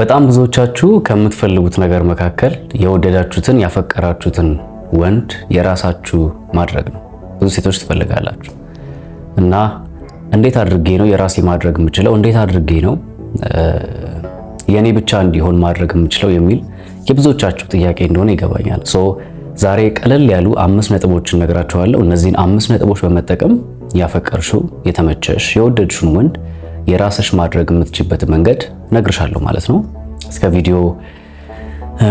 በጣም ብዙዎቻችሁ ከምትፈልጉት ነገር መካከል የወደዳችሁትን ያፈቀራችሁትን ወንድ የራሳችሁ ማድረግ ነው። ብዙ ሴቶች ትፈልጋላችሁ እና እንዴት አድርጌ ነው የራሴ ማድረግ የምችለው? እንዴት አድርጌ ነው የእኔ ብቻ እንዲሆን ማድረግ የምችለው የሚል የብዙዎቻችሁ ጥያቄ እንደሆነ ይገባኛል። ሶ ዛሬ ቀለል ያሉ አምስት ነጥቦችን ነግራችኋለሁ። እነዚህን አምስት ነጥቦች በመጠቀም ያፈቀርሽው፣ የተመቸሽ፣ የወደድሽውን ወንድ የራስሽ ማድረግ የምትችበት መንገድ ነግርሻለሁ ማለት ነው። እስከ ቪዲዮ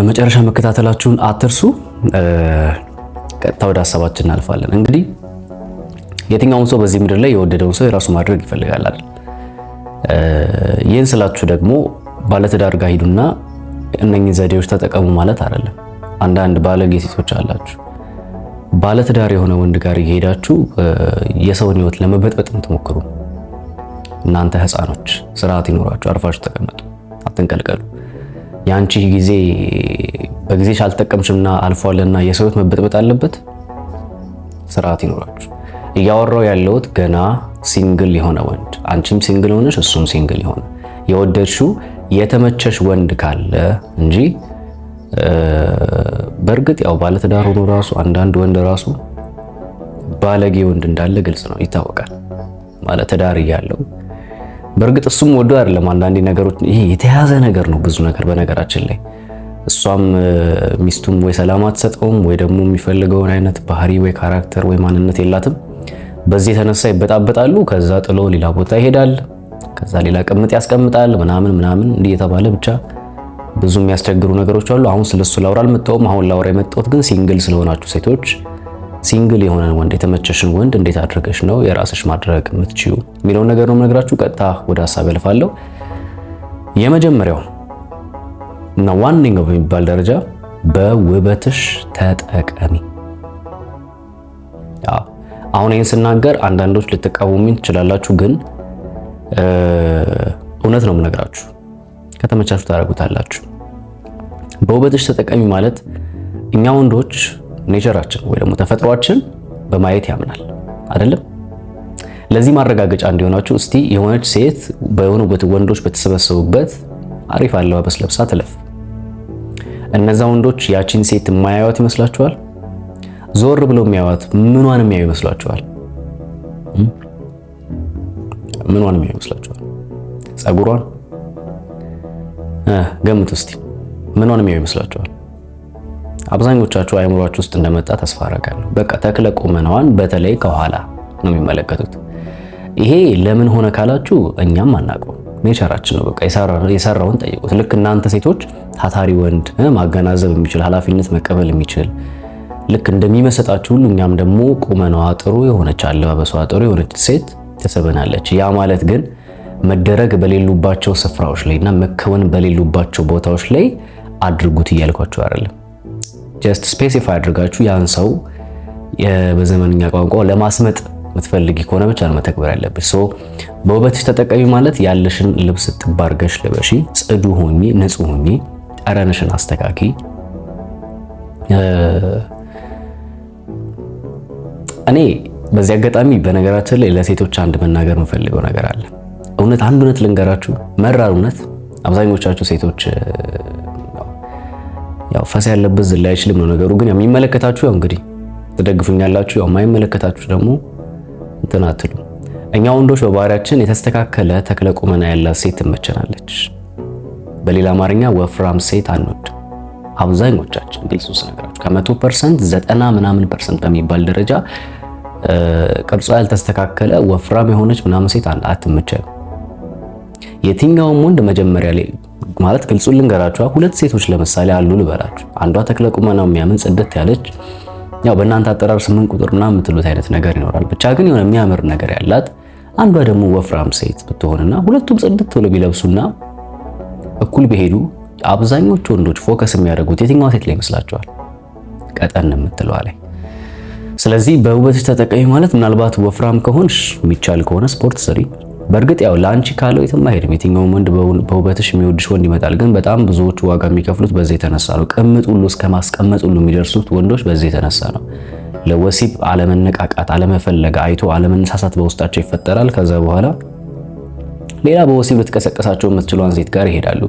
መጨረሻ መከታተላችሁን አትርሱ። ቀጥታ ወደ ሀሳባችን እናልፋለን። እንግዲህ የትኛውም ሰው በዚህ ምድር ላይ የወደደውን ሰው የራሱ ማድረግ ይፈልጋል አይደል? ይህን ስላችሁ ደግሞ ባለትዳር ጋር ሂዱና እነኚህ ዘዴዎች ተጠቀሙ ማለት አይደለም። አንዳንድ ባለጌ ሴቶች አላችሁ። ባለትዳር የሆነ ወንድ ጋር እየሄዳችሁ የሰውን ህይወት ለመበጥበጥ የምትሞክሩ እናንተ ህፃኖች ስርዓት ይኖራችሁ አርፋችሁ ተቀመጡ፣ አትንቀልቀሉ። የአንቺ ጊዜ በጊዜሽ አልተጠቀምሽምና አልፏልና የሰውት መበጥበጥ አለበት። ስርዓት ይኖራችሁ። እያወራው ያለውት ገና ሲንግል የሆነ ወንድ፣ አንቺም ሲንግል ሆነሽ እሱም ሲንግል የሆነ የወደድሽው የተመቸሽ ወንድ ካለ እንጂ በእርግጥ ያው ባለትዳር ሆኖ ራሱ አንዳንድ ወንድ ራሱ ባለጌ ወንድ እንዳለ ግልጽ ነው፣ ይታወቃል ማለት ትዳር እያለው በእርግጥ እሱም ወዶ አይደለም። አንዳንዴ ነገሮች ይሄ የተያዘ ነገር ነው ብዙ ነገር በነገራችን ላይ እሷም ሚስቱም ወይ ሰላም አትሰጠውም ወይ ደግሞ የሚፈልገውን አይነት ባህሪ ወይ ካራክተር ወይ ማንነት የላትም። በዚህ የተነሳ ይበጣበጣሉ። ከዛ ጥሎ ሌላ ቦታ ይሄዳል። ከዛ ሌላ ቅምጥ ያስቀምጣል ምናምን ምናምን እንዲህ የተባለ ብቻ ብዙ የሚያስቸግሩ ነገሮች አሉ። አሁን ስለሱ ላውራ አልመጣሁም። አሁን ላውራ የመጣሁት ግን ሲንግል ስለሆናችሁ ሴቶች ሲንግል የሆነን ወንድ የተመቸሽን ወንድ እንዴት አድርገሽ ነው የራስሽ ማድረግ የምትችዩ የሚለውን ነገር ነው የምነግራችሁ። ቀጥታ ወደ ሀሳብ ያልፋለሁ። የመጀመሪያው እና ዋነኛው በሚባል ደረጃ በውበትሽ ተጠቀሚ። አሁን ይህን ስናገር አንዳንዶች ልትቃወሙኝ ትችላላችሁ፣ ግን እውነት ነው የምነግራችሁ። ከተመቻችሁ ታደርጉታላችሁ። በውበትሽ ተጠቀሚ ማለት እኛ ወንዶች ኔቸራችን ወይ ደግሞ ተፈጥሯችን በማየት ያምናል አይደለም። ለዚህ ማረጋገጫ እንዲሆናችሁ እስቲ የሆነች ሴት በሆኑ ወንዶች በተሰበሰቡበት አሪፍ አለባበስ ለብሳ ትለፍ። እነዛ ወንዶች ያቺን ሴት የማያዩት ይመስላችኋል? ዞር ብለው የሚያዩት ምኗን የሚያዩ ይመስላችኋል? ምኗን የሚያዩ ይመስላችኋል? ጸጉሯን ገምት እስቲ። ምኗን የሚያዩ ይመስላችኋል? አብዛኞቻችሁ አእምሯችሁ ውስጥ እንደመጣ ተስፋ አረጋለሁ። በቃ ተክለ ቁመናዋን በተለይ ከኋላ ነው የሚመለከቱት። ይሄ ለምን ሆነ ካላችሁ እኛም አናውቀው ኔቸራችን ነው። በቃ የሰራውን ጠይቁት። ልክ እናንተ ሴቶች ታታሪ ወንድ ማገናዘብ የሚችል ኃላፊነት መቀበል የሚችል ልክ እንደሚመሰጣችሁ ሁሉ እኛም ደግሞ ቁመናዋ ጥሩ የሆነች አለባበሷ ጥሩ የሆነች ሴት ተስበናለች። ያ ማለት ግን መደረግ በሌሉባቸው ስፍራዎች ላይ እና መከወን በሌሉባቸው ቦታዎች ላይ አድርጉት እያልኳቸው አይደለም። ጀስት ስፔሲፋይ አድርጋችሁ ያን ሰው በዘመንኛ ቋንቋ ለማስመጥ የምትፈልጊ ከሆነ ብቻ ነው መተግበር ያለብሽ። በውበትሽ ተጠቀሚ ማለት ያለሽን ልብስ ትባርገሽ ልበሺ፣ ጽዱ ሆኚ፣ ንጹህ ሆኚ፣ ጠረንሽን አስተካኪ። እኔ በዚህ አጋጣሚ በነገራችን ላይ ለሴቶች አንድ መናገር የምፈልገው ነገር አለ። እውነት አንድ እውነት ልንገራችሁ፣ መራር እውነት አብዛኞቻችሁ ሴቶች ያው ፈሳ ያለበት ዝላ አይችልም ነው ነገሩ። ግን የሚመለከታችሁ ያው እንግዲህ ትደግፉኛላችሁ፣ ያው የማይመለከታችሁ ደግሞ እንትን አትሉ። እኛ ወንዶች በባህሪያችን የተስተካከለ ተክለ ቁመና ያላት ሴት ትመቸናለች። በሌላ አማርኛ ወፍራም ሴት አንወድ አብዛኞቻችን ግልጽ ውስጥ ነገራችሁ ከመቶ ፐርሰንት ዘጠና ምናምን ፐርሰንት በሚባል ደረጃ ቅርጿ ያልተስተካከለ ወፍራም የሆነች ምናምን ሴት አትመቸንም። የትኛውም ወንድ መጀመሪያ ላይ ማለት ግልጹን ልንገራችሁ፣ ሁለት ሴቶች ለምሳሌ አሉ ልበላችሁ። አንዷ ተክለ ቁመናው የሚያምን ጽደት ያለች ያው በእናንተ አጠራር ስምንት ቁጥር ምናምን የምትሉት አይነት ነገር ይኖራል። ብቻ ግን የሆነ የሚያምር ነገር ያላት አንዷ ደግሞ ወፍራም ሴት ብትሆንና ሁለቱም ጽድት ብለው ቢለብሱና እኩል ቢሄዱ አብዛኞቹ ወንዶች ፎከስ የሚያደርጉት የትኛዋ ሴት ላይ ይመስላችኋል? ቀጠን የምትለዋ ላይ። ስለዚህ በውበትሽ ተጠቀሚ ማለት ምናልባት ወፍራም ከሆንሽ የሚቻል ከሆነ ስፖርት ስሪ በእርግጥ ያው ለአንቺ ካለው የትም አይሄድም። የትኛውም ወንድ በውበትሽ የሚወድሽ ወንድ ይመጣል። ግን በጣም ብዙዎቹ ዋጋ የሚከፍሉት በዚህ የተነሳ ነው። ቅምጥ ሁሉ እስከ ማስቀመጥ ሁሉ የሚደርሱት ወንዶች በዚህ የተነሳ ነው። ለወሲብ አለመነቃቃት፣ አለመፈለግ፣ አይቶ አለመነሳሳት በውስጣቸው ይፈጠራል። ከዛ በኋላ ሌላ በወሲብ ልትቀሰቀሳቸው የምትችሏን ሴት ጋር ይሄዳሉ።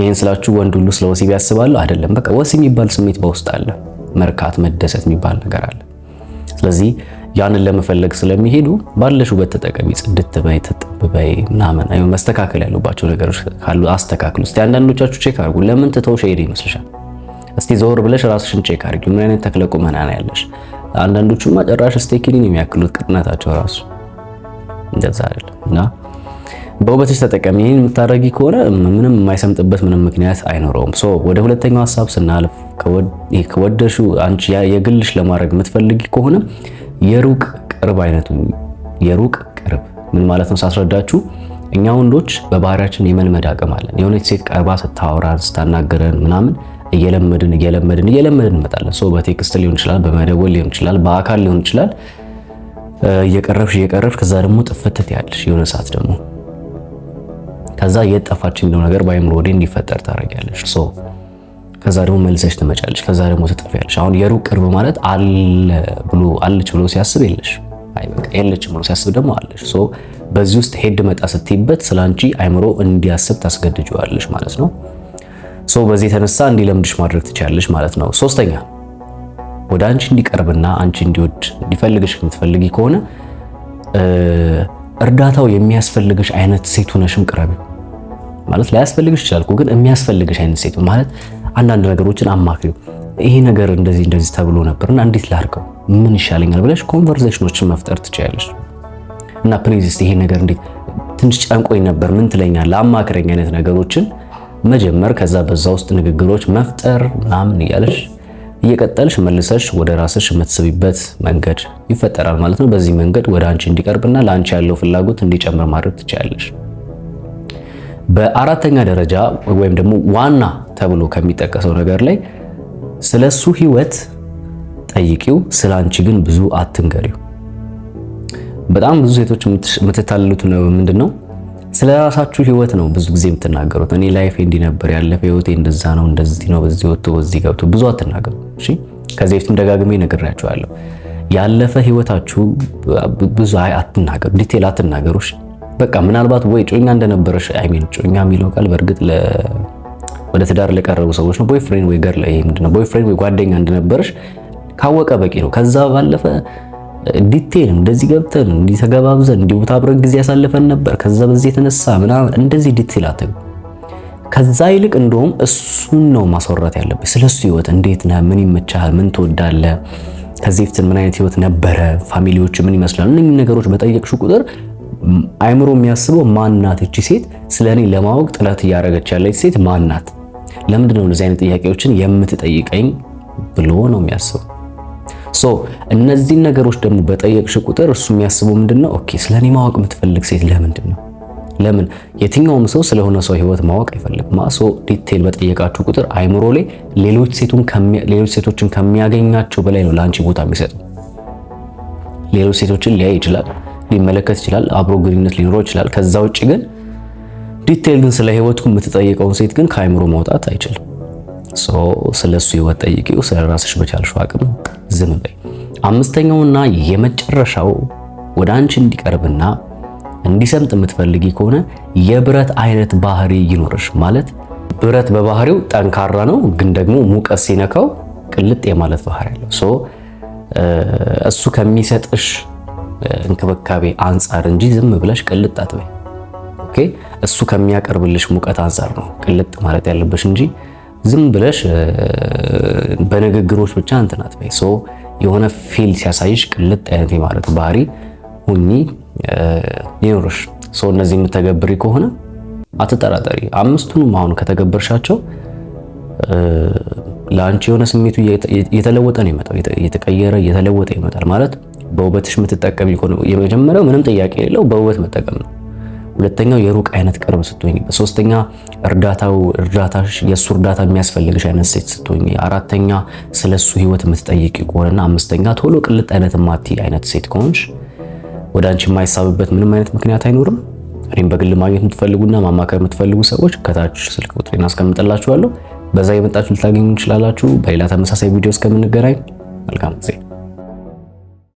ይህን ስላችሁ ወንድ ሁሉ ስለ ወሲብ ያስባሉ አይደለም። በቃ ወሲብ የሚባል ስሜት በውስጥ አለ። መርካት፣ መደሰት የሚባል ነገር አለ። ስለዚህ ያንን ለመፈለግ ስለሚሄዱ ባለሽ ውበት ተጠቀሚ፣ ጽድት በይ፣ በይ ምናምን። አይ መስተካከል ያለባቸው ነገሮች ካሉ አስተካክሉ። እስቲ አንዳንዶቻችሁ ቼክ አድርጉ። ለምን ትተው ሼድ ይመስልሻል? እስቲ ዞር ብለሽ ራስሽን ቼክ አድርጊ። ምን አይነት ተክለቁመና ነው ያለሽ? አንዳንዶቹማ ጭራሽ ስቴኪኒን የሚያክሉት ቅጥነታቸው ራሱ እንደዛ አይደል እና በውበትሽ ተጠቀሚ። ይህን የምታደርጊ ከሆነ ምንም የማይሰምጥበት ምንም ምክንያት አይኖረውም። ሶ ወደ ሁለተኛው ሀሳብ ስናልፍ ከወደሹ አንቺ የግልሽ ለማድረግ የምትፈልጊ ከሆነ የሩቅ ቅርብ አይነት የሩቅ ቅርብ ምን ማለት ነው ሳስረዳችሁ፣ እኛ ወንዶች በባህሪያችን የመልመድ አቅም አለን። የሆነች ሴት ቀርባ ስታወራን ስታናገረን ምናምን እየለመድን እየለመድን እየለመድን እንመጣለን። ሰው በቴክስት ሊሆን ይችላል፣ በመደወል ሊሆን ይችላል፣ በአካል ሊሆን ይችላል። እየቀረብሽ እየቀረብሽ ከዛ ደግሞ ጥፍትት ያለሽ የሆነ ሰዓት ደግሞ ከዛ የጠፋችን እንደው ነገር በአይምሮ ወዴ እንዲፈጠር ታደርጊያለሽ። ከዛ ደግሞ መልሰሽ ትመጫለሽ፣ ከዛ ደግሞ ትጠፊያለሽ። አሁን የሩቅ ቅርብ ማለት አለ ብሎ አለች ብሎ ሲያስብ የለሽ፣ አይ በቃ የለች ብሎ ሲያስብ ደግሞ አለሽ። ሶ በዚህ ውስጥ ሄድ መጣ ስትይበት ስላንቺ አይምሮ እንዲያስብ ታስገድጂዋለሽ ማለት ነው። ሶ በዚህ የተነሳ እንዲለምድሽ ማድረግ ትችላለሽ ማለት ነው። ሶስተኛ ወደ አንቺ እንዲቀርብና አንቺ እንዲወድ እንዲፈልግሽ የምትፈልጊ ከሆነ እርዳታው የሚያስፈልግሽ አይነት ሴት ሆነሽም ቅረቢ ማለት ላያስፈልግሽ ይችላል፣ ግን የሚያስፈልግሽ አይነት ሴት ማለት አንዳንድ ነገሮችን አማክሪው። ይሄ ነገር እንደዚህ እንደዚህ ተብሎ ነበርና እንዴት ላድርገው፣ ምን ይሻለኛል ብለሽ ኮንቨርሴሽኖችን መፍጠር ትችያለሽ። እና ፕሊዝ እስቲ ይሄ ነገር እንዴት ትንሽ ጨንቆኝ ነበር፣ ምን ትለኛለህ፣ አማክረኝ አይነት ነገሮችን መጀመር፣ ከዛ በዛ ውስጥ ንግግሮች መፍጠር ምናምን እያለሽ እየቀጠልሽ መልሰሽ ወደ ራስሽ የምትስቢበት መንገድ ይፈጠራል ማለት ነው። በዚህ መንገድ ወደ አንቺ እንዲቀርብና ለአንቺ ያለው ፍላጎት እንዲጨምር ማድረግ ትችላለሽ። በአራተኛ ደረጃ ወይም ደግሞ ዋና ተብሎ ከሚጠቀሰው ነገር ላይ ስለ እሱ ህይወት ጠይቂው፣ ስለ አንቺ ግን ብዙ አትንገሪው። በጣም ብዙ ሴቶች የምትታልሉት ነው ምንድን ነው? ስለ ራሳችሁ ህይወት ነው ብዙ ጊዜ የምትናገሩት። እኔ ላይፍ እንዲህ ነበር፣ ያለፈ ህይወቴ እንደዛ ነው፣ እንደዚህ ነው፣ በዚህ ወጥቶ በዚህ ገብቶ። ብዙ አትናገሩ። እሺ፣ ከዚህ በፊትም ደጋግሜ ነግሬያችኋለሁ። ያለፈ ህይወታችሁ ብዙ አትናገሩ፣ ዲቴል አትናገሩ። እሺ፣ በቃ ምናልባት ወይ ጮኛ እንደነበረሽ አይ ሚን ጮኛ የሚለው ቃል በእርግጥ ወደ ትዳር ለቀረቡ ሰዎች ነው። ቦይፍሬንድ ወይ ገርል ላይ ምንድን ነው? ቦይፍሬንድ ወይ ጓደኛ እንደነበረሽ ካወቀ በቂ ነው። ከዛ ባለፈ ዲቴል እንደዚህ ገብተን እንዲህ ተገባብዘን እንዲህ ቦታ አብረን ጊዜ ያሳልፈን ነበር፣ ከዛ በዚህ የተነሳ ምናምን እንደዚህ ዲቴል አትግ ከዛ ይልቅ እንደውም እሱን ነው ማስወራት ያለበት ስለሱ ህይወት፣ እንዴት ነህ፣ ምን ይመቻል፣ ምን ትወዳለህ፣ ከዚህ ፍትን ምን አይነት ህይወት ነበረ፣ ፋሚሊዎች ምን ይመስላሉ፣ እነኚህ ነገሮች በጠየቅሽው ቁጥር አይምሮ የሚያስበው ማናት እቺ ሴት ስለኔ ለማወቅ ጥረት እያደረገች ያለች ሴት ማናት ለምንድን ነው እንደዚህ አይነት ጥያቄዎችን የምትጠይቀኝ ብሎ ነው የሚያስበው። ሶ እነዚህን ነገሮች ደግሞ በጠየቅሽ ቁጥር እሱ የሚያስበው ምንድነው? ኦኬ ስለኔ ማወቅ የምትፈልግ ሴት ለምንድን ነው? ለምን የትኛውም ሰው ስለሆነ ሰው ህይወት ማወቅ አይፈልግም። ሶ ዲቴል በጠየቃችሁ ቁጥር አይምሮ ላይ ሌሎች ሴቶችን ከሚያገኛቸው በላይ ነው ለአንቺ ቦታ የሚሰጠው። ሌሎች ሴቶችን ሊያይ ይችላል፣ ሊመለከት ይችላል፣ አብሮ ግንኙነት ሊኖረው ይችላል። ከዛ ውጭ ግን ዲቴይል ግን ስለ ህይወትኩ የምትጠይቀውን ሴት ግን ከአይምሮ ማውጣት አይችልም። ስለ እሱ ህይወት ጠይቂው፣ ስለ ራስሽ በቻልሽው አቅም ዝም በይ። አምስተኛውና የመጨረሻው ወደ አንቺ እንዲቀርብና እንዲሰምጥ የምትፈልጊ ከሆነ የብረት አይነት ባህሪ ይኖርሽ። ማለት ብረት በባህሪው ጠንካራ ነው፣ ግን ደግሞ ሙቀት ሲነካው ቅልጥ የማለት ባህሪ አለው። ሶ እሱ ከሚሰጥሽ እንክብካቤ አንጻር እንጂ ዝም ብለሽ ቅልጥ አትበይ። ኦኬ እሱ ከሚያቀርብልሽ ሙቀት አንፃር ነው ቅልጥ ማለት ያለበሽ እንጂ ዝም ብለሽ በንግግሮች ብቻ እንትናት በይ ሰው የሆነ ፊል ሲያሳይሽ ቅልጥ አይነት ማለት ባህሪ ሁኚ ይኖርሽ። ሰው እነዚህ የምተገብሪ ከሆነ አትጠራጠሪ። አምስቱንም አሁን ከተገበርሻቸው ለአንቺ የሆነ ስሜቱ እየተለወጠ ነው ይመጣል፣ እየተቀየረ እየተለወጠ ይመጣል ማለት በውበትሽ የምትጠቀም የመጀመሪያው ምንም ጥያቄ የሌለው በውበት መጠቀም ነው። ሁለተኛው የሩቅ አይነት ቅርብ ስትሆኝበት፣ ሶስተኛ እርዳታው እርዳታሽ የእሱ እርዳታ የሚያስፈልግሽ አይነት ሴት ስትሆኝ፣ አራተኛ ስለሱ ህይወት የምትጠይቂ ከሆነና አምስተኛ ቶሎ ቅልጥ አይነት ማቲ አይነት ሴት ከሆንሽ ወደ አንቺ የማይሳብበት ምንም አይነት ምክንያት አይኖርም። እኔም በግል ማግኘት የምትፈልጉና ማማከር የምትፈልጉ ሰዎች ከታች ስልክ ቁጥሬን አስቀምጥላችኋለሁ። በዛ የመጣችሁ ልታገኙ ይችላላችሁ። በሌላ ተመሳሳይ ቪዲዮ እስከምንገናኝ መልካም ጊዜ